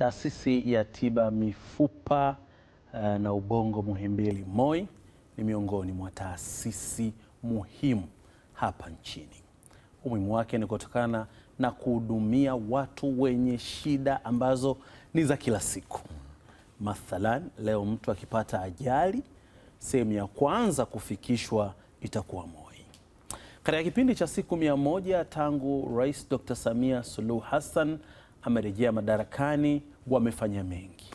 Taasisi ya Tiba Mifupa uh, na Ubongo Muhimbili MOI ni miongoni mwa taasisi muhimu hapa nchini. Umuhimu wake ni kutokana na kuhudumia watu wenye shida ambazo ni za kila siku. Mathalan, leo mtu akipata ajali, sehemu ya kwanza kufikishwa itakuwa MOI. Katika kipindi cha siku mia moja tangu Rais Dr. Samia Suluhu Hassan amerejea madarakani wamefanya mengi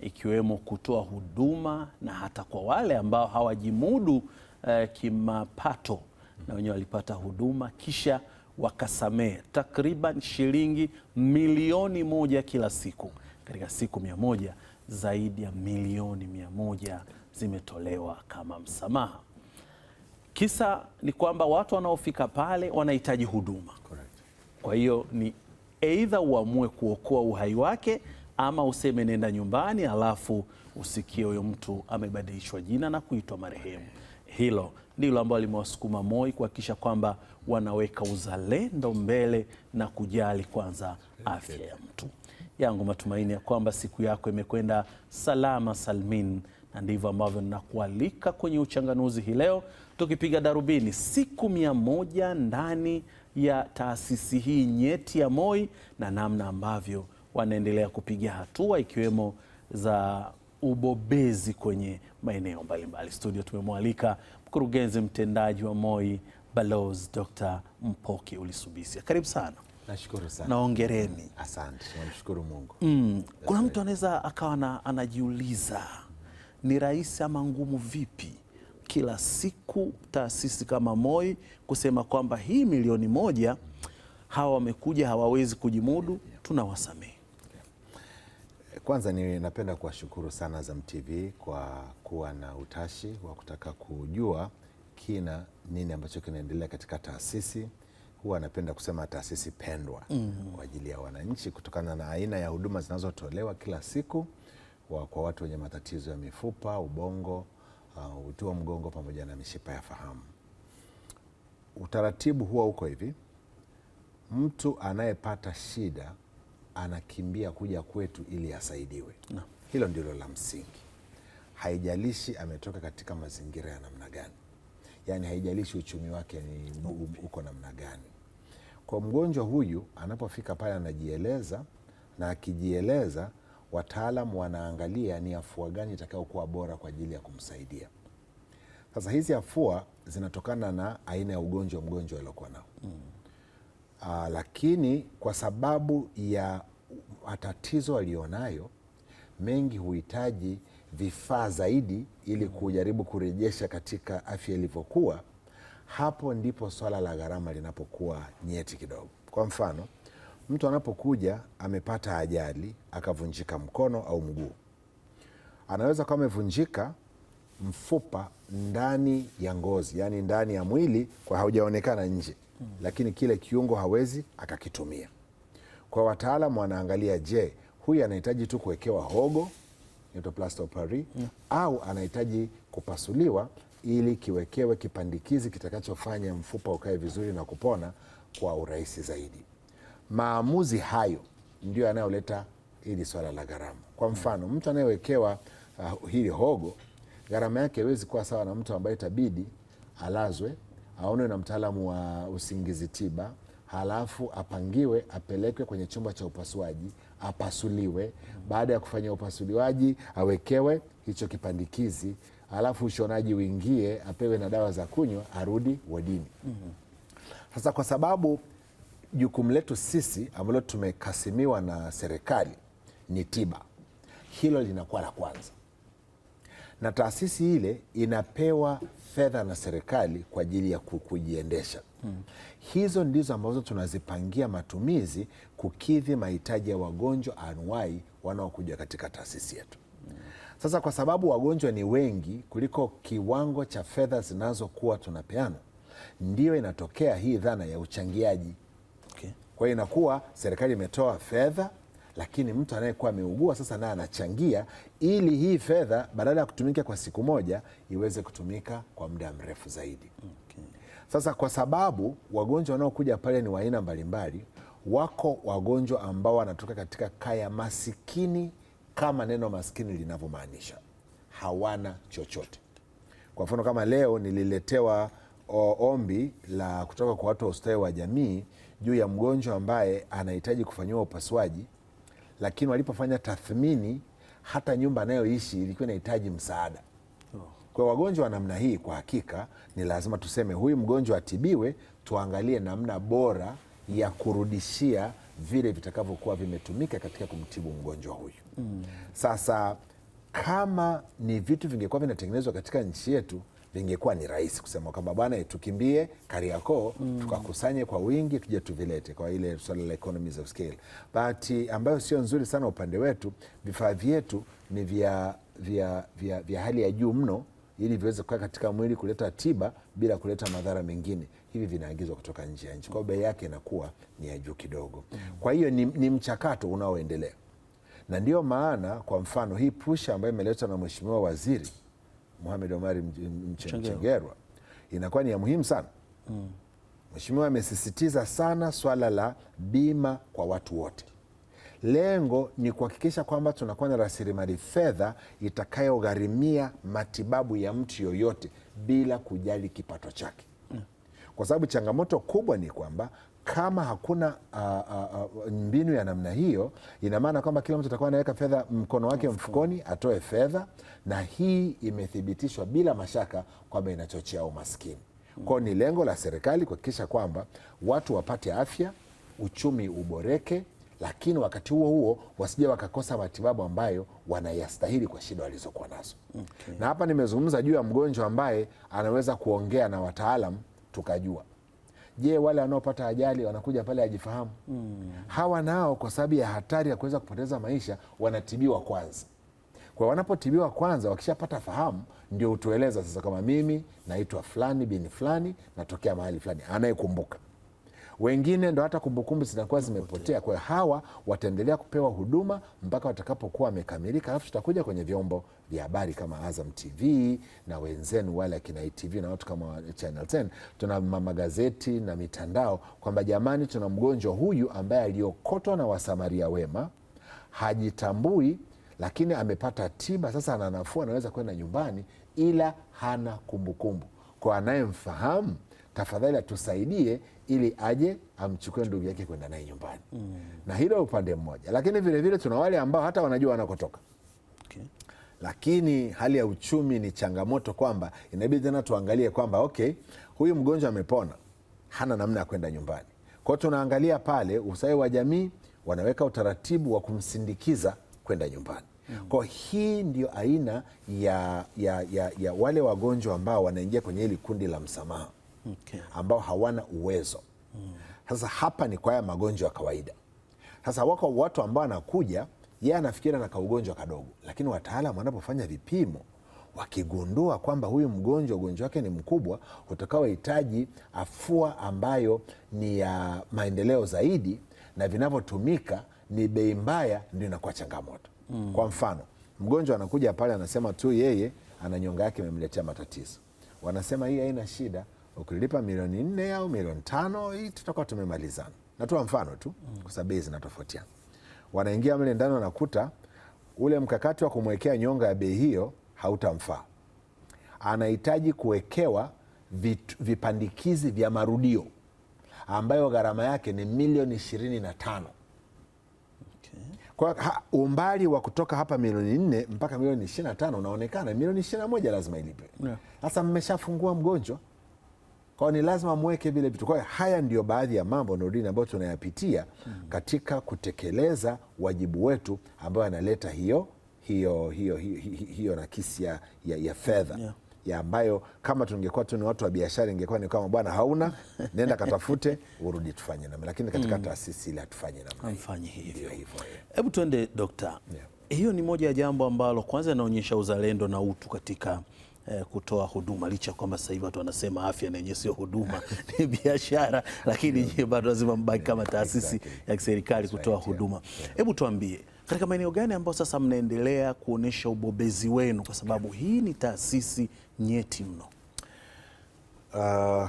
ikiwemo kutoa huduma na hata kwa wale ambao hawajimudu eh, kimapato na wenyewe walipata huduma kisha wakasamehe takriban shilingi milioni moja kila siku. Katika siku mia moja zaidi ya milioni mia moja zimetolewa kama msamaha. Kisa ni kwamba watu wanaofika pale wanahitaji huduma. Correct. Kwa hiyo ni aidha uamue kuokoa uhai wake ama useme nenda nyumbani, alafu usikie huyo mtu amebadilishwa jina na kuitwa marehemu. Hilo ndilo ambalo limewasukuma MOI kuhakikisha kwamba wanaweka uzalendo mbele na kujali kwanza afya ya mtu. Yangu matumaini ya kwamba siku yako imekwenda salama salmin, na ndivyo ambavyo ninakualika kwenye Uchanganuzi hii leo, tukipiga darubini siku mia moja ndani ya taasisi hii nyeti ya MOI na namna ambavyo wanaendelea kupiga hatua ikiwemo za ubobezi kwenye maeneo mbalimbali. Studio tumemwalika mkurugenzi mtendaji wa MOI Balozi Dr. Mpoki ulisubisia karibu sana. Nashukuru sana. Naongereni. Asante. Namshukuru Mungu. Mm. Kuna mtu anaweza akawa anajiuliza ni rahisi ama ngumu vipi kila siku taasisi kama MOI kusema kwamba hii milioni moja hawa wamekuja hawawezi kujimudu, tunawasamehe. Kwanza ninapenda kuwashukuru sana Azam TV kwa kuwa na utashi wa kutaka kujua kina nini ambacho kinaendelea katika taasisi. Huwa anapenda kusema taasisi pendwa mm -hmm. kwa ajili ya wananchi kutokana na aina ya huduma zinazotolewa kila siku wa, kwa watu wenye matatizo ya mifupa, ubongo, uh, uti wa mgongo pamoja na mishipa ya fahamu. Utaratibu huwa uko hivi, mtu anayepata shida anakimbia kuja kwetu ili asaidiwe no. Hilo ndilo la msingi, haijalishi ametoka katika mazingira ya namna gani, yaani haijalishi uchumi wake ni uko namna gani. Kwa mgonjwa huyu anapofika pale anajieleza, na akijieleza, wataalam wanaangalia ni afua gani itakayokuwa bora kwa ajili ya kumsaidia. Sasa hizi afua zinatokana na aina ya ugonjwa mgonjwa aliokuwa nao mm. Uh, lakini kwa sababu ya matatizo alionayo mengi huhitaji vifaa zaidi ili kujaribu kurejesha katika afya ilivyokuwa. Hapo ndipo swala la gharama linapokuwa nyeti kidogo. Kwa mfano, mtu anapokuja amepata ajali akavunjika mkono au mguu, anaweza kuwa amevunjika mfupa ndani ya ngozi, yaani ndani ya mwili, kwa haujaonekana nje lakini kile kiungo hawezi akakitumia. Kwa wataalamu wanaangalia, je, huyu anahitaji tu kuwekewa hogo yaani Paris, au anahitaji kupasuliwa ili kiwekewe kipandikizi kitakachofanya mfupa ukae vizuri na kupona kwa urahisi zaidi. Maamuzi hayo ndio yanayoleta hili swala la gharama. Kwa mfano, mtu anayewekewa uh, hili hogo gharama yake haiwezi kuwa sawa na mtu ambaye itabidi alazwe aonwe na mtaalamu wa usingizi tiba, halafu apangiwe apelekwe kwenye chumba cha upasuaji apasuliwe. Baada ya kufanya upasuliwaji awekewe hicho kipandikizi, halafu ushonaji uingie, apewe na dawa za kunywa, arudi wodini. Sasa kwa sababu jukumu letu sisi ambalo tumekasimiwa na serikali ni tiba, hilo linakuwa la kwanza na taasisi ile inapewa fedha na serikali kwa ajili ya kujiendesha. Hmm. Hizo ndizo ambazo tunazipangia matumizi kukidhi mahitaji ya wagonjwa anuwai wanaokuja katika taasisi yetu. Hmm. Sasa kwa sababu wagonjwa ni wengi kuliko kiwango cha fedha zinazokuwa tunapeana, ndiyo inatokea hii dhana ya uchangiaji. Okay. Kwa hiyo inakuwa serikali imetoa fedha lakini mtu anayekuwa ameugua sasa naye anachangia, ili hii fedha badala ya kutumika kwa siku moja iweze kutumika kwa muda mrefu zaidi. Okay. Sasa kwa sababu wagonjwa wanaokuja pale ni wa aina mbalimbali, wako wagonjwa ambao wanatoka katika kaya masikini kama neno maskini linavyomaanisha, hawana chochote. Kwa mfano kama leo nililetewa ombi la kutoka kwa watu wa ustawi wa jamii juu ya mgonjwa ambaye anahitaji kufanyiwa upasuaji lakini walipofanya tathmini hata nyumba anayoishi ilikuwa inahitaji msaada. Oh. Kwa wagonjwa wa namna hii, kwa hakika ni lazima tuseme huyu mgonjwa atibiwe, tuangalie namna bora ya kurudishia vile vitakavyokuwa vimetumika katika kumtibu mgonjwa huyu mm. Sasa kama ni vitu vingekuwa vinatengenezwa katika nchi yetu vingekuwa ni rahisi kusema kwamba bwana, eh, tukimbie Kariakoo mm. tukakusanye kwa wingi tuje tuvilete kwa ile swala la economies of scale, but eh, ambayo sio nzuri sana upande wetu, vifaa vyetu ni vya, vya, vya, vya hali ya juu mno ili viweze kukaa katika mwili kuleta tiba bila kuleta madhara mengine. Hivi vinaagizwa kutoka nje ya nchi, kwa hiyo bei yake inakuwa ni ya juu kidogo. Mm. Kwa hiyo ni, ni mchakato unaoendelea, na ndio maana kwa mfano hii pusha ambayo imeletwa na mheshimiwa waziri Mohamed Omari Mchengerwa inakuwa ni ya muhimu sana mm. Mheshimiwa amesisitiza sana swala la bima kwa watu wote. Lengo ni kuhakikisha kwamba tunakuwa na rasilimali fedha itakayogharimia matibabu ya mtu yoyote bila kujali kipato chake, mm. kwa sababu changamoto kubwa ni kwamba kama hakuna mbinu ya namna hiyo, ina maana kwamba kila mtu atakuwa anaweka fedha mkono wake mfukoni, atoe fedha, na hii imethibitishwa bila mashaka kwamba inachochea umaskini. Mm. Kwao ni lengo la serikali kuhakikisha kwamba watu wapate afya, uchumi uboreke, lakini wakati huo huo wasije wakakosa matibabu ambayo wanayastahili kwa shida walizokuwa nazo. Okay. Na hapa nimezungumza juu ya mgonjwa ambaye anaweza kuongea na wataalam tukajua Je, wale wanaopata ajali wanakuja pale ajifahamu? mm. hawa nao kwa sababu ya hatari ya kuweza kupoteza maisha wanatibiwa kwanza. Kwa wanapotibiwa kwanza, wakishapata fahamu ndio hutueleza sasa, kama mimi naitwa fulani bin fulani, natokea mahali fulani, anayekumbuka wengine ndo hata kumbukumbu zitakuwa zimepotea. Kwa hiyo hawa wataendelea kupewa huduma mpaka watakapokuwa wamekamilika, alafu tutakuja kwenye vyombo vya habari kama Azam TV na wenzenu wale akina ITV na watu kama Channel 10, tuna magazeti na mitandao, kwamba jamani, tuna mgonjwa huyu ambaye aliokotwa na wasamaria wema, hajitambui lakini amepata tiba, sasa ana nafuu, anaweza kwenda nyumbani, ila hana kumbukumbu. Kwa anayemfahamu tafadhali atusaidie ili aje amchukue ndugu yake kwenda naye nyumbani mm. na hilo upande mmoja, lakini vile tuna wale ambao hata wanajua wanakotoka okay. Lakini hali ya uchumi ni changamoto, kwamba inabidi tena tuangalie kwamba okay, huyu mgonjwa amepona, hana namna ya kwenda nyumbani kwao. Tunaangalia pale usai wa jamii wanaweka utaratibu wa kumsindikiza kwenda nyumbani. Mm. Kwa hii ndio aina ya, ya, ya, ya wale wagonjwa ambao wanaingia kwenye hili kundi la msamaha okay. ambao hawana uwezo sasa mm. hapa ni kwa haya magonjwa ya kawaida. Sasa wako watu ambao anakuja yeye anafikiri ana kaugonjwa kadogo, lakini wataalamu wanapofanya vipimo wakigundua kwamba huyu mgonjwa ugonjwa wake ni mkubwa utakaohitaji afua ambayo ni ya maendeleo zaidi na vinavyotumika ni bei mbaya, ndio inakuwa changamoto mm. Kwa mfano mgonjwa anakuja pale anasema tu yeye ana nyonga yake imemletea matatizo, wanasema hii haina shida ukilipa milioni nne au milioni tano hii tutakuwa tumemalizana. Natoa mfano tu kwa sababu bei zinatofautiana. Wanaingia mle ndani wanakuta ule mkakati wa kumwekea nyonga ya bei hiyo hautamfaa, anahitaji kuwekewa vipandikizi vya marudio ambayo gharama yake ni milioni ishirini na tano. Kwa ha, umbali wa kutoka hapa milioni nne mpaka milioni ishirini na tano unaonekana, milioni ishirini na moja lazima ilipe sasa. Yeah. Mmeshafungua mgonjwa kwao ni lazima mweke vile vitu. kwao. haya ndio baadhi ya mambo Nurdin, ambayo tunayapitia katika kutekeleza wajibu wetu ambayo analeta hiyo hiyo hiyo hiyo nakisi ya, ya, ya fedha yeah ya ambayo kama tungekuwa tu ni watu wa biashara ingekuwa ni kama bwana, hauna nenda katafute urudi tufanye namna, lakini katika mm. taasisi ile hatufanye namna, hamfanyi hivyo hivyo. Hebu tuende dokta, yeah. hiyo ni moja ya jambo ambalo kwanza inaonyesha uzalendo na utu katika eh, kutoa huduma licha kwamba sasa hivi watu wanasema afya na yenyewe sio huduma ni biashara, lakini nyie bado lazima mbaki eh, kama taasisi ya kiserikali kutoa huduma. Hebu tuambie katika maeneo gani ambayo sasa mnaendelea kuonyesha ubobezi wenu, kwa sababu hii ni taasisi nyeti mno. Uh,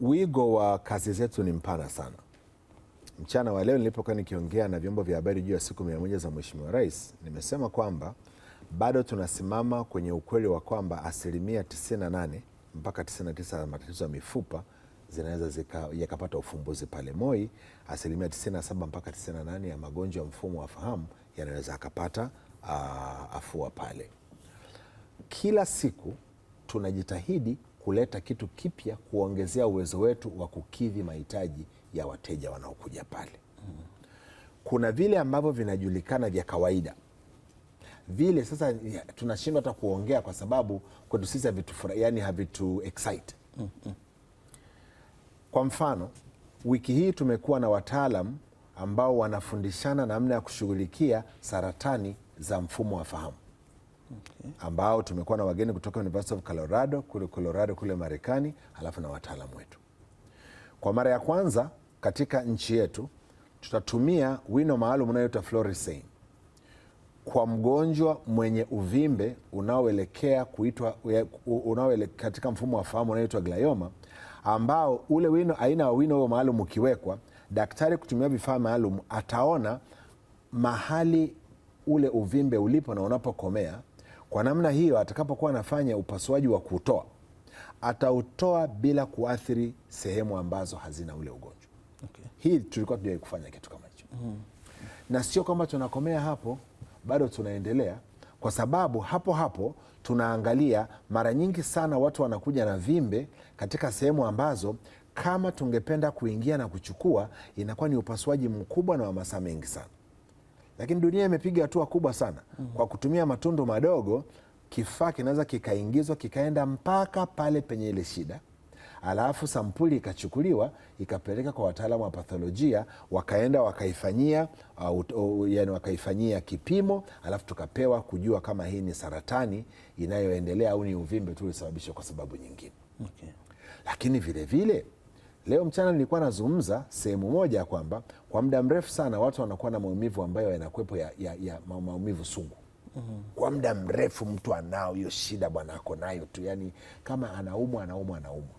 wigo wa kazi zetu ni mpana sana. Mchana wa leo nilipokuwa nikiongea na vyombo vya habari juu ya siku mia moja za Mheshimiwa Rais, nimesema kwamba bado tunasimama kwenye ukweli wa kwamba asilimia 98 mpaka 99 ya matatizo ya mifupa zinaweza yakapata ufumbuzi pale MOI. Asilimia 97 mpaka 98 ya magonjwa ya mfumo wa fahamu yanaweza akapata ah, afua pale. Kila siku tunajitahidi kuleta kitu kipya kuongezea uwezo wetu wa kukidhi mahitaji ya wateja wanaokuja pale. Mm-hmm. Kuna vile ambavyo vinajulikana vya kawaida vile sasa tunashindwa hata kuongea kwa sababu kwetu sisi havitu yani havitu excite mm -hmm. Kwa mfano wiki hii tumekuwa na wataalam ambao wanafundishana namna ya kushughulikia saratani za mfumo wa fahamu okay. ambao tumekuwa na wageni kutoka University of Colorado kule Colorado kule Marekani, halafu na wataalam wetu. Kwa mara ya kwanza katika nchi yetu tutatumia wino maalum unaoitwa fluorescein kwa mgonjwa mwenye uvimbe unaoelekea kuitwa unaoelekea katika mfumo wa fahamu unaoitwa glioma, ambao ule wino, aina ya wino huo maalum ukiwekwa, daktari kutumia vifaa maalum ataona mahali ule uvimbe ulipo na unapokomea. Kwa namna hiyo, atakapokuwa anafanya upasuaji wa kutoa, atautoa bila kuathiri sehemu ambazo hazina ule ugonjwa. Okay. Hii tulikuwa tujawai kufanya kitu kama hicho. Mm. Na sio kwamba tunakomea hapo bado tunaendelea kwa sababu hapo hapo tunaangalia, mara nyingi sana watu wanakuja na vimbe katika sehemu ambazo kama tungependa kuingia na kuchukua inakuwa ni upasuaji mkubwa na wa masaa mengi sana, lakini dunia imepiga hatua kubwa sana mm -hmm. Kwa kutumia matundu madogo kifaa kinaweza kikaingizwa kikaenda mpaka pale penye ile shida alafu sampuli ikachukuliwa ikapeleka kwa wataalamu wa patholojia, wakaenda wakaifanyia uh, uh, yani wakaifanyia kipimo, alafu tukapewa kujua kama hii ni saratani inayoendelea au ni uvimbe tu ulisababishwa kwa sababu nyingine okay. Lakini vile vile, leo mchana nilikuwa nazungumza sehemu moja ya kwamba kwa muda mrefu sana watu wanakuwa na maumivu ambayo yanakuwepo ya, ya, ya maumivu sungu mm-hmm. kwa muda mrefu mtu anao hiyo shida bwana, ako nayo tu, yani kama anaumwa anaumwa anaumwa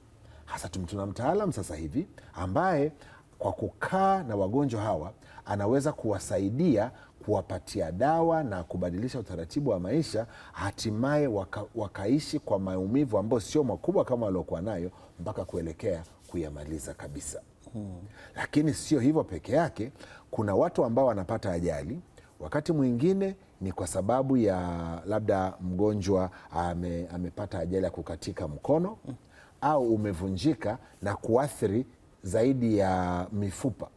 hasa tuna mtaalam sasa hivi ambaye kwa kukaa na wagonjwa hawa anaweza kuwasaidia kuwapatia dawa na kubadilisha utaratibu wa maisha, hatimaye waka, wakaishi kwa maumivu ambayo sio makubwa kama waliokuwa nayo mpaka kuelekea kuyamaliza kabisa. Hmm. Lakini sio hivyo peke yake, kuna watu ambao wanapata ajali wakati mwingine ni kwa sababu ya labda mgonjwa ame, amepata ajali ya kukatika mkono. Hmm au umevunjika na kuathiri zaidi ya mifupa,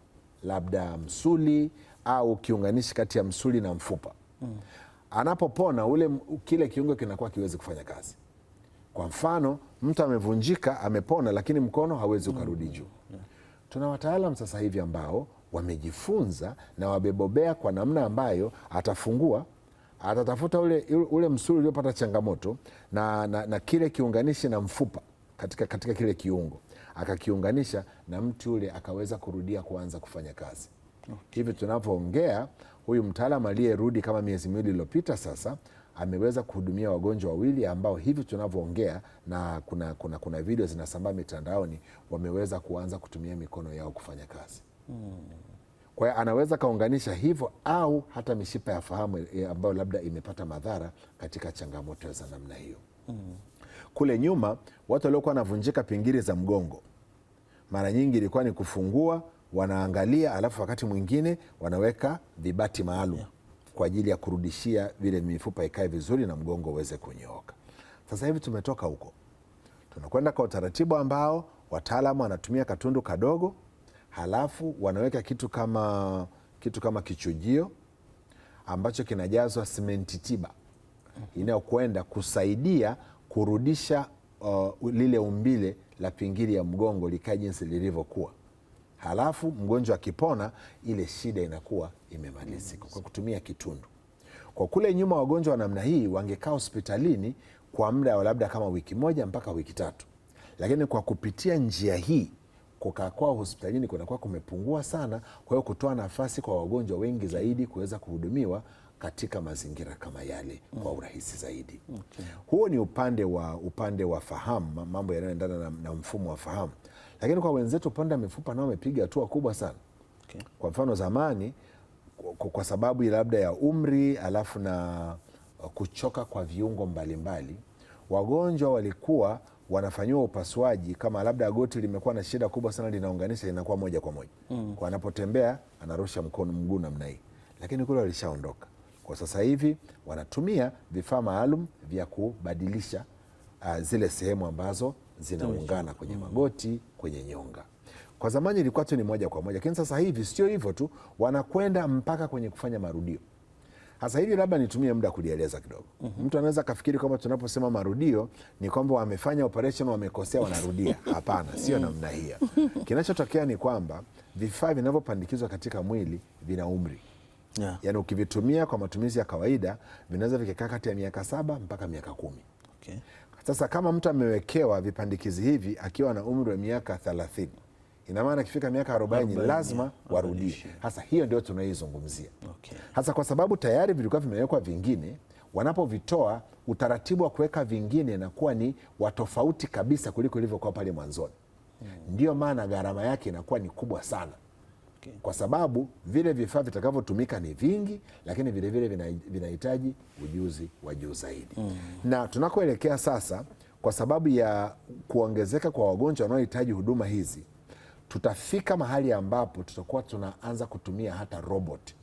labda msuli au kiunganishi kati ya msuli na mfupa mm. Anapopona ule kile kiungo kinakuwa kiwezi kufanya kazi. Kwa mfano mtu amevunjika, amepona, lakini mkono hawezi ukarudi mm. juu yeah. Tuna wataalam sasa hivi ambao wamejifunza na wamebobea kwa namna ambayo atafungua atatafuta ule, ule msuli uliopata changamoto na, na, na kile kiunganishi na mfupa katika, katika kile kiungo akakiunganisha na mtu yule akaweza kurudia kuanza kufanya kazi okay. Hivi tunavyoongea huyu mtaalamu aliyerudi kama miezi miwili iliyopita sasa ameweza kuhudumia wagonjwa wawili ambao hivi tunavyoongea na kuna, kuna, kuna video zinasambaa mitandaoni wameweza kuanza kutumia mikono yao kufanya kazi hmm. Kwa hiyo anaweza kaunganisha hivyo au hata mishipa ya fahamu eh, ambayo labda imepata madhara katika changamoto za namna hiyo hmm kule nyuma watu waliokuwa wanavunjika pingiri za mgongo mara nyingi ilikuwa ni kufungua, wanaangalia, alafu wakati mwingine wanaweka vibati maalum kwa ajili ya kurudishia vile mifupa ikae vizuri na mgongo uweze kunyooka. Sasa hivi tumetoka huko, tunakwenda kwa utaratibu ambao wataalamu wanatumia katundu kadogo, halafu wanaweka kitu kama, kitu kama kichujio ambacho kinajazwa simenti tiba inayokwenda kusaidia kurudisha uh, lile umbile la pingili ya mgongo likae jinsi lilivyokuwa, halafu mgonjwa akipona ile shida inakuwa imemalizika kwa kutumia kitundu. Kwa kule nyuma, wagonjwa wa namna hii wangekaa hospitalini kwa muda wa labda kama wiki moja mpaka wiki tatu, lakini kwa kupitia njia hii kukaa kwao hospitalini kunakuwa kumepungua sana, kwa hiyo kutoa nafasi kwa wagonjwa wengi zaidi kuweza kuhudumiwa katika mazingira kama yale mm. kwa urahisi zaidi okay. Huo ni upande wa upande wa fahamu, mambo yanayoendana na, na mfumo wa fahamu, lakini kwa wenzetu upande wa mifupa nao wamepiga hatua kubwa sana okay. Kwa mfano zamani kwa, kwa sababu labda ya umri alafu na uh, kuchoka kwa viungo mbalimbali mbali, wagonjwa walikuwa wanafanyiwa upasuaji kama labda goti limekuwa na shida kubwa sana linaunganisha, linakuwa moja kwa moja mm. Kwa anapotembea anarusha mkono mguu namna hii, lakini kule walishaondoka kwa sasa hivi wanatumia vifaa maalum vya kubadilisha uh, zile sehemu ambazo zinaungana kwenye mm. magoti, kwenye nyonga. Kwa zamani ilikuwa tu ni moja kwa moja, lakini sasa hivi sio hivyo tu, wanakwenda mpaka kwenye kufanya marudio. Sasa hivi labda nitumie muda kulieleza kidogo. mm -hmm. Mtu anaweza kafikiri kwamba tunaposema marudio ni kwamba wamefanya operation wamekosea, wanarudia. Hapana, sio namna hiyo. Kinachotokea ni kwamba vifaa vinavyopandikizwa katika mwili vina umri yeah. Yani ukivitumia kwa matumizi ya kawaida vinaweza vikakaa kati ya miaka saba mpaka miaka kumi. Okay. Sasa kama mtu amewekewa vipandikizi hivi akiwa na umri wa miaka thelathini ina maana akifika miaka arobaini lazima warudie. Hasa hiyo ndio tunaizungumzia. Okay. Hasa kwa sababu tayari vilikuwa vimewekwa vingine wanapovitoa utaratibu wa kuweka vingine na kuwa ni watofauti kabisa kuliko ilivyokuwa pale mwanzoni. Hmm. Ndiyo maana gharama yake inakuwa ni kubwa sana kwa sababu vile vifaa vitakavyotumika ni vingi, lakini vilevile vinahitaji ujuzi wa juu zaidi mm. na tunakoelekea sasa, kwa sababu ya kuongezeka kwa wagonjwa wanaohitaji huduma hizi, tutafika mahali ambapo tutakuwa tunaanza kutumia hata roboti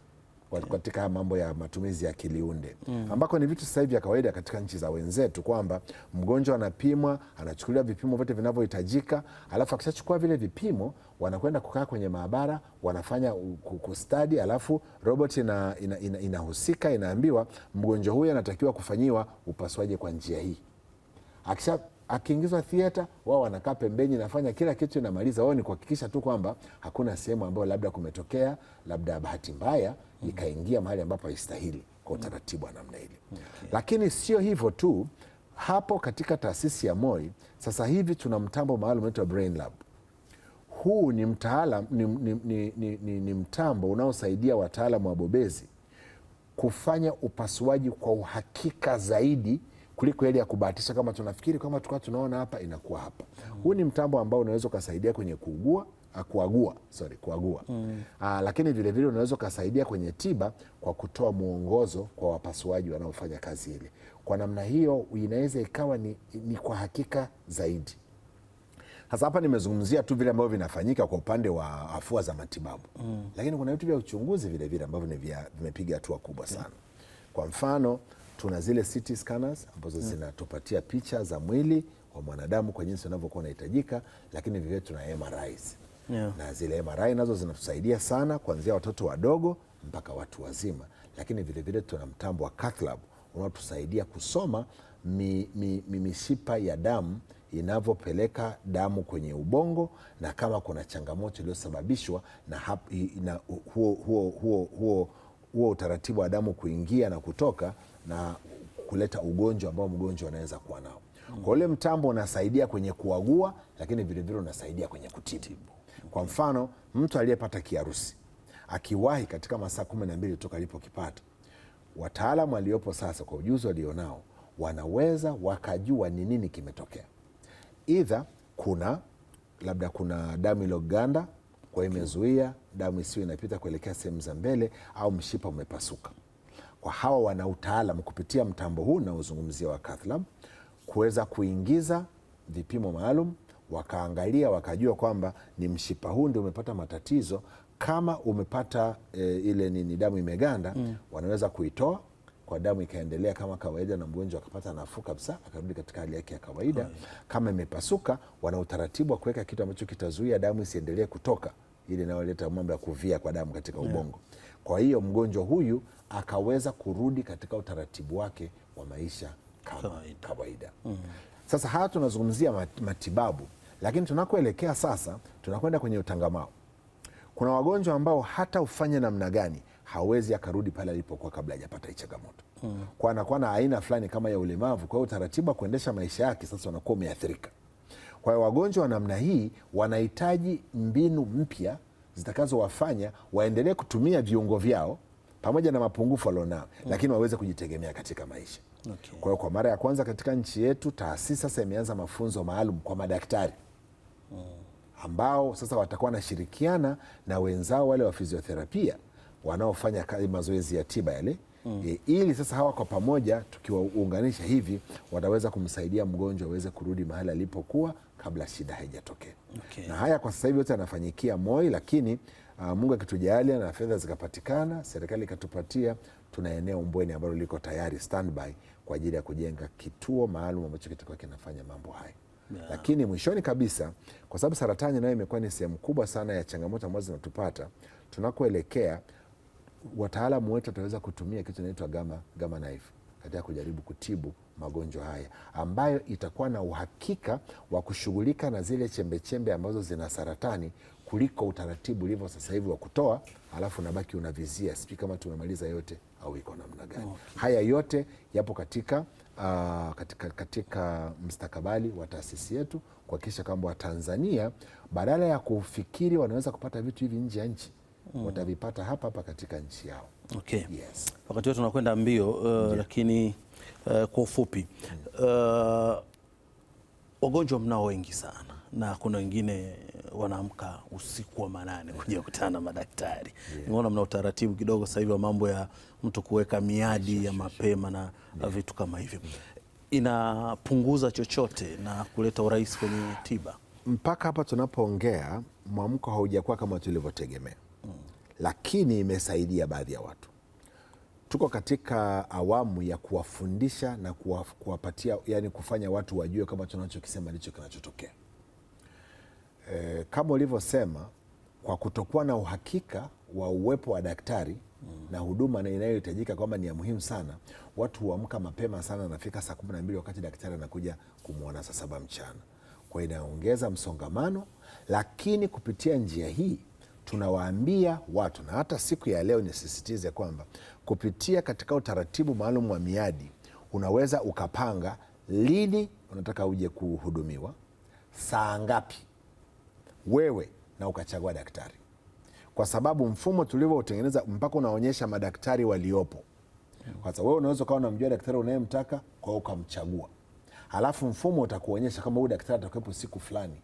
katika mambo ya matumizi ya kiliunde mm. ambako ni vitu sasa hivi vya kawaida katika nchi za wenzetu kwamba mgonjwa anapimwa, anachukuliwa vipimo vyote vinavyohitajika, alafu akishachukua vile vipimo wanakwenda kukaa kwenye maabara, wanafanya kustadi, alafu robot inahusika ina, ina, ina inaambiwa mgonjwa huyu anatakiwa kufanyiwa upasuaji kwa njia hii akisha akiingizwa theater wao wanakaa pembeni, nafanya kila kitu, inamaliza wao. Ni kuhakikisha tu kwamba hakuna sehemu ambayo labda kumetokea labda bahati mbaya hmm. ikaingia mahali ambapo haistahili kwa hmm. utaratibu wa namna hili hmm, Okay. Lakini sio hivyo tu, hapo katika taasisi ya MOI sasa hivi tuna mtambo maalum unaitwa Brain Lab. Huu ni, mtaalam, ni, ni, ni, ni, ni, ni mtambo unaosaidia wataalamu bobezi kufanya upasuaji kwa uhakika zaidi kuliko ile ya kubahatisha kama tunafikiri kama tukawa tunaona hapa inakuwa hapa. Mm. Huu ni mtambo ambao unaweza ukasaidia kwenye kuugua ah, kuagua sorry, kuagua mm. Aa, ah, lakini vilevile unaweza ukasaidia kwenye tiba kwa kutoa mwongozo kwa wapasuaji wanaofanya kazi ile. Kwa namna hiyo inaweza ikawa ni, ni kwa hakika zaidi. Sasa hapa nimezungumzia tu vile ambavyo vinafanyika kwa upande wa afua za matibabu mm. Lakini kuna vitu vya uchunguzi vilevile ambavyo ni vimepiga hatua kubwa mm. sana mm. Kwa mfano tuna zile CT scanners ambazo mm. zinatupatia picha za mwili wa mwanadamu kwa jinsi unavyokuwa unahitajika, lakini vivyo tuna MRIs yeah, na zile MRI nazo zinatusaidia sana kuanzia watoto wadogo mpaka watu wazima, lakini vilevile tuna mtambo wa cath lab unaotusaidia kusoma mi, mi, mi, mishipa ya damu inavyopeleka damu kwenye ubongo na kama kuna changamoto iliyosababishwa na, hap, na huo, huo, huo, huo, huo utaratibu wa damu kuingia na kutoka na kuleta ugonjwa ambao mgonjwa anaweza kuwa nao. Kwa ule mtambo unasaidia kwenye kuagua, lakini vilevile unasaidia kwenye kutibu. Kwa mfano, mtu aliyepata kiharusi akiwahi katika masaa kumi na mbili toka alipokipata, wataalamu waliopo sasa kwa ujuzi walionao wanaweza wakajua ni nini kimetokea. Idha kuna labda kuna damu iliyoganda, kwa imezuia damu isiwe inapita kuelekea sehemu za mbele, au mshipa umepasuka. mm hawa wana utaalam kupitia mtambo huu unaozungumzia wa Cath kuweza kuingiza vipimo maalum, wakaangalia wakajua kwamba ni mshipa huu ndio umepata matatizo. Kama umepata e, ile nini damu imeganda mm. wanaweza kuitoa kwa damu ikaendelea kama kawaida na mgonjwa akapata nafuu kabisa akarudi katika hali yake ya kawaida. Hai. Mm. Kama imepasuka, wana utaratibu wa kuweka kitu ambacho kitazuia damu isiendelee kutoka, ile inayoleta mambo ya kuvia kwa damu katika ubongo yeah. Kwa hiyo mgonjwa huyu akaweza kurudi katika utaratibu wake wa maisha kama kawaida, Mm. Sasa haya tunazungumzia matibabu, lakini tunakoelekea sasa tunakwenda kwenye utangamao. Kuna wagonjwa ambao hata ufanye namna gani hawezi akarudi pale alipokuwa kabla ajapata hii changamoto mm. kwa anakuwa na aina fulani kama ya ulemavu, kwa hiyo utaratibu wa kuendesha maisha yake sasa unakuwa umeathirika. Kwa hiyo wagonjwa wa namna hii wanahitaji mbinu mpya zitakazowafanya waendelee kutumia viungo vyao pamoja na mapungufu walionao mm. lakini waweze kujitegemea katika maisha okay. Kwa hiyo kwa mara ya kwanza katika nchi yetu taasisi sasa imeanza mafunzo maalum kwa madaktari mm. ambao sasa watakuwa wanashirikiana na wenzao wale wa fizioterapia wanaofanya kazi mazoezi ya tiba yale mm. E, ili sasa hawa kwa pamoja tukiwaunganisha hivi wataweza kumsaidia mgonjwa aweze kurudi mahali alipokuwa kabla shida haijatokea. Okay. Na haya kwa sasa hivi yote yanafanyikia Moi, lakini uh, Mungu akitujalia na fedha zikapatikana, serikali ikatupatia, tuna eneo Mbweni ambalo liko tayari standby kwa ajili ya kujenga kituo maalum ambacho kitakuwa kinafanya mambo haya. Yeah. Lakini mwishoni kabisa, kwa sababu saratani nayo imekuwa ni sehemu kubwa sana ya changamoto ambazo zinatupata, tunakoelekea wataalamu wetu wataweza kutumia kitu kinaitwa gama, gama knife katika kujaribu kutibu magonjwa haya ambayo itakuwa na uhakika wa kushughulika na zile chembechembe chembe ambazo zina saratani kuliko utaratibu ulivyo sasa hivi wa kutoa alafu unabaki unavizia. Sijui kama tumemaliza yote au iko namna gani? Okay. Haya yote yapo katika, uh, katika, katika mstakabali wa taasisi yetu kuhakikisha kwamba Watanzania badala ya kufikiri wanaweza kupata vitu hivi nje ya nchi mm. watavipata hapa hapa katika nchi yao. Okay. Yes. Wakati wetu tunakwenda mbio uh, yeah. Lakini uh, kwa ufupi uh, wagonjwa mnao wengi sana na kuna wengine wanaamka usiku wa manane kuja kukutana na madaktari yeah. Nimeona mna utaratibu kidogo sasa hivi wa mambo ya mtu kuweka miadi ya mapema na yeah. vitu kama hivyo inapunguza chochote na kuleta urahisi kwenye tiba. Mpaka hapa tunapoongea, mwamko haujakuwa kama tulivyotegemea lakini imesaidia baadhi ya watu. Tuko katika awamu ya kuwafundisha na kuwapatia, yani kufanya watu wajue kama tunachokisema ndicho kinachotokea. E, kama ulivyosema, kwa kutokuwa na uhakika wa uwepo wa daktari na huduma inayohitajika kwamba ni ya muhimu sana, watu huamka mapema sana, anafika saa kumi na mbili wakati daktari anakuja kumwona saa saba mchana, kwa inaongeza msongamano, lakini kupitia njia hii tunawaambia watu, na hata siku ya leo nisisitize kwamba kupitia katika utaratibu maalum wa miadi unaweza ukapanga lini unataka uje kuhudumiwa, saa ngapi, wewe na ukachagua daktari, kwa sababu mfumo tulivyotengeneza mpaka unaonyesha madaktari waliopo. kwasa wewe unaweza ukawa unamjua daktari unayemtaka, kwao ukamchagua, alafu mfumo utakuonyesha kama huyu daktari atakuwepo siku fulani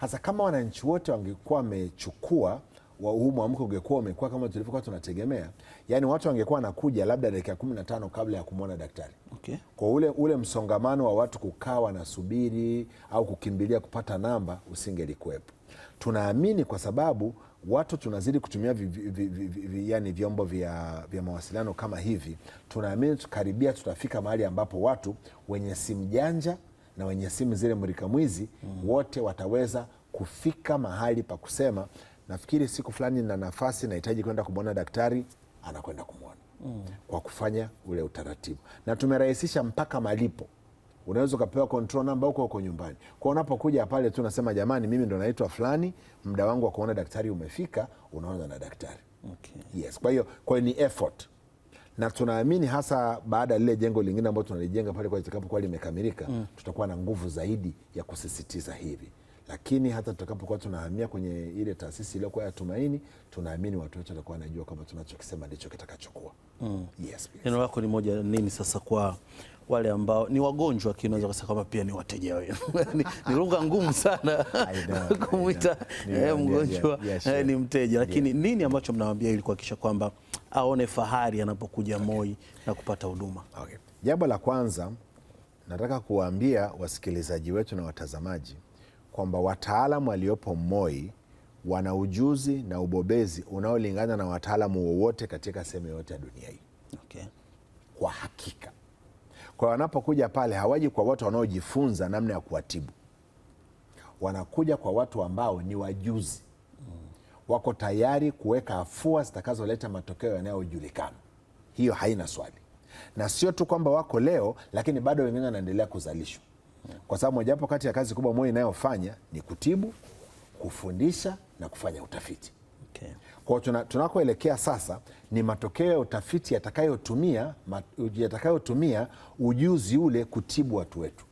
Hasa kama wananchi wote wangekuwa wamechukua huu mwamko ungekuwa umekuwa kama tulivyokuwa tunategemea, yani watu wangekuwa wanakuja labda dakika tano kabla ya kumwona daktari. Okay. Kwa ule, ule msongamano wa watu kukaa wanasubiri au kukimbilia kupata namba usingelikuwepo. Tunaamini kwa sababu watu tunazidi kutumia vi, vi, vi, vi, vi, yani vyombo vya, vya mawasiliano kama hivi, tunaamini karibia tutafika mahali ambapo watu wenye simu janja na wenye simu zile mulika mwizi mm. wote wataweza kufika mahali pa kusema, nafikiri siku fulani na nafasi nahitaji kwenda kumwona daktari, anakwenda kumwona mm. kwa kufanya ule utaratibu, na tumerahisisha mpaka malipo unaweza ukapewa control namba huko huko nyumbani kwa Unapokuja pale tu unasema jamani, mimi ndo naitwa fulani, muda wangu wa kuona daktari umefika, unaona na daktari okay. Yes, kwa hiyo kwa hiyo ni effort na tunaamini hasa baada ya lile jengo lingine ambalo tunalijenga pale kwa itakapokuwa limekamilika mm. tutakuwa na nguvu zaidi ya kusisitiza hili lakini hata tutakapokuwa tunahamia kwenye ile taasisi iliyokuwa ya Tumaini, tunaamini watu wote watakuwa wanajua kwamba tunachokisema ndicho kitakachokuwa. mm. Yes, neno lako ni moja nini sasa kwa wale ambao ni wagonjwa lakini unaweza kusema kwamba pia ni wateja wenu. Ni, ni lugha ngumu sana kumwita eh, mgonjwa yeah, yeah, sure. ni mteja lakini yeah. Nini ambacho mnawaambia ili kuhakikisha kwamba aone fahari anapokuja okay. Moi na kupata huduma okay. Jambo la kwanza nataka kuwaambia wasikilizaji wetu na watazamaji kwamba wataalamu waliopo Moi wana ujuzi na ubobezi unaolingana na wataalamu wowote katika sehemu yoyote ya dunia hii okay. Kwa hakika kwa wanapokuja pale hawaji kwa watu wanaojifunza namna ya kuwatibu, wanakuja kwa watu ambao ni wajuzi, wako tayari kuweka afua zitakazoleta matokeo yanayojulikana. Hiyo haina swali, na sio tu kwamba wako leo, lakini bado wengine wanaendelea kuzalishwa, kwa sababu mojawapo kati ya kazi kubwa moyo inayofanya ni kutibu, kufundisha na kufanya utafiti okay. Kwa tunakoelekea sasa ni matokeo ya utafiti yatakayotumia yatakayotumia ujuzi ule kutibu watu wetu,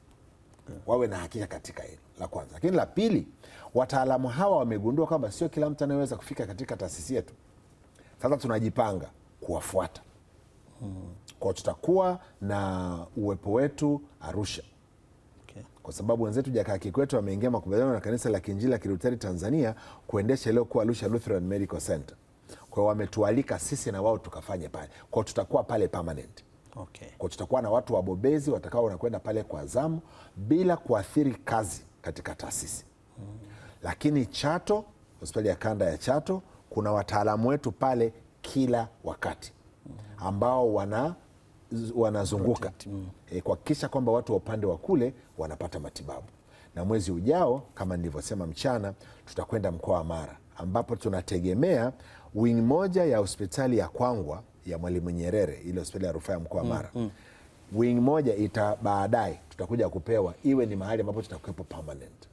wawe na hakika katika hilo la kwanza. Lakini la pili, wataalamu hawa wamegundua kwamba sio kila mtu anayeweza kufika katika taasisi yetu. Sasa tunajipanga kuwafuata, kwa tutakuwa na uwepo wetu Arusha kwa sababu wenzetu Jakaya Kikwete wameingia makubaliano na kanisa la Kiinjili la Kilutheri Tanzania kuendesha iliyokuwa Arusha Lutheran Medical Center. Kwa hiyo wametualika sisi na wao tukafanye pale, kwa tutakuwa pale permanent. Okay. Kwa tutakuwa na watu wabobezi watakao wanakwenda pale kwa zamu bila kuathiri kazi katika taasisi. hmm. Lakini Chato, hospitali ya kanda ya Chato kuna wataalamu wetu pale kila wakati ambao wana wanazunguka e, kuhakikisha kwamba watu wa upande wa kule wanapata matibabu. Na mwezi ujao kama nilivyosema, mchana tutakwenda mkoa wa Mara ambapo tunategemea wing moja ya hospitali ya Kwangwa ya Mwalimu Nyerere, ile hospitali ya rufaa ya mkoa wa mm, Mara mm, mm. wing moja ita baadaye tutakuja kupewa iwe ni mahali ambapo tutakuepo permanent.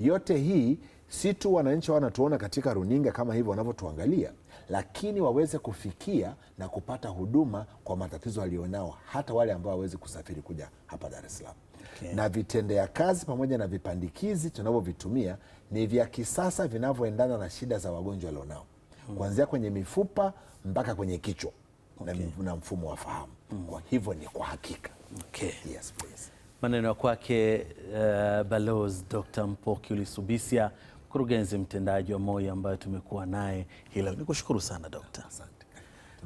Yote hii si tu wananchi wanatuona katika runinga kama hivyo wanavyotuangalia lakini waweze kufikia na kupata huduma kwa matatizo walionao, hata wale ambao wawezi kusafiri kuja hapa Dar es Salaam. Okay. Na vitendea kazi pamoja na vipandikizi tunavyovitumia ni vya kisasa vinavyoendana na shida za wagonjwa walionao, hmm. kuanzia kwenye mifupa mpaka kwenye kichwa okay. na mfumo wa fahamu hmm. kwa hivyo ni kwa hakika okay. yes, please. Maneno ya kwake uh, Balozi Dr. Mpoki Ulisubisya mkurugenzi mtendaji wa MOI ambaye tumekuwa naye hii leo. Nikushukuru sana Dokta.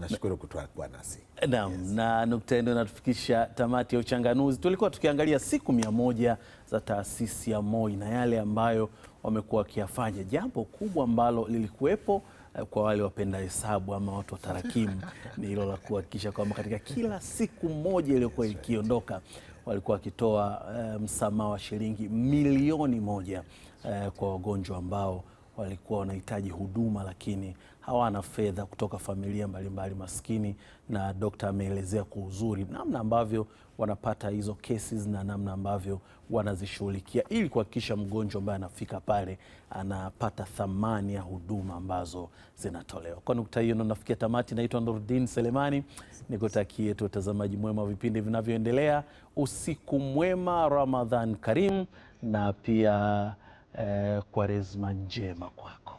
Nashukuru kutokuwa nasi. Naam, yes. Na nukta ndio inatufikisha tamati ya uchanganuzi. Tulikuwa tukiangalia siku mia moja za taasisi ya MOI na yale ambayo wamekuwa wakiyafanya. Jambo kubwa ambalo lilikuwepo eh, kwa wale wapenda hesabu ama watu wa tarakimu ni hilo la kuhakikisha kwamba katika kila siku moja iliyokuwa ikiondoka walikuwa wakitoa eh, msamaha um, wa shilingi milioni moja eh, kwa wagonjwa ambao walikuwa wanahitaji huduma lakini hawana fedha kutoka familia mbalimbali mbali maskini, na dokta ameelezea kwa uzuri namna ambavyo wanapata hizo kesi na namna ambavyo wanazishughulikia ili kuhakikisha mgonjwa ambaye anafika pale anapata thamani ya huduma ambazo zinatolewa. Kwa nukta hiyo, ndo nafikia tamati. Naitwa Nurdin Selemani, nikutakie tu utazamaji mwema wa vipindi vinavyoendelea. Usiku mwema, Ramadhan Karim, na pia eh, Kwaresma njema kwako.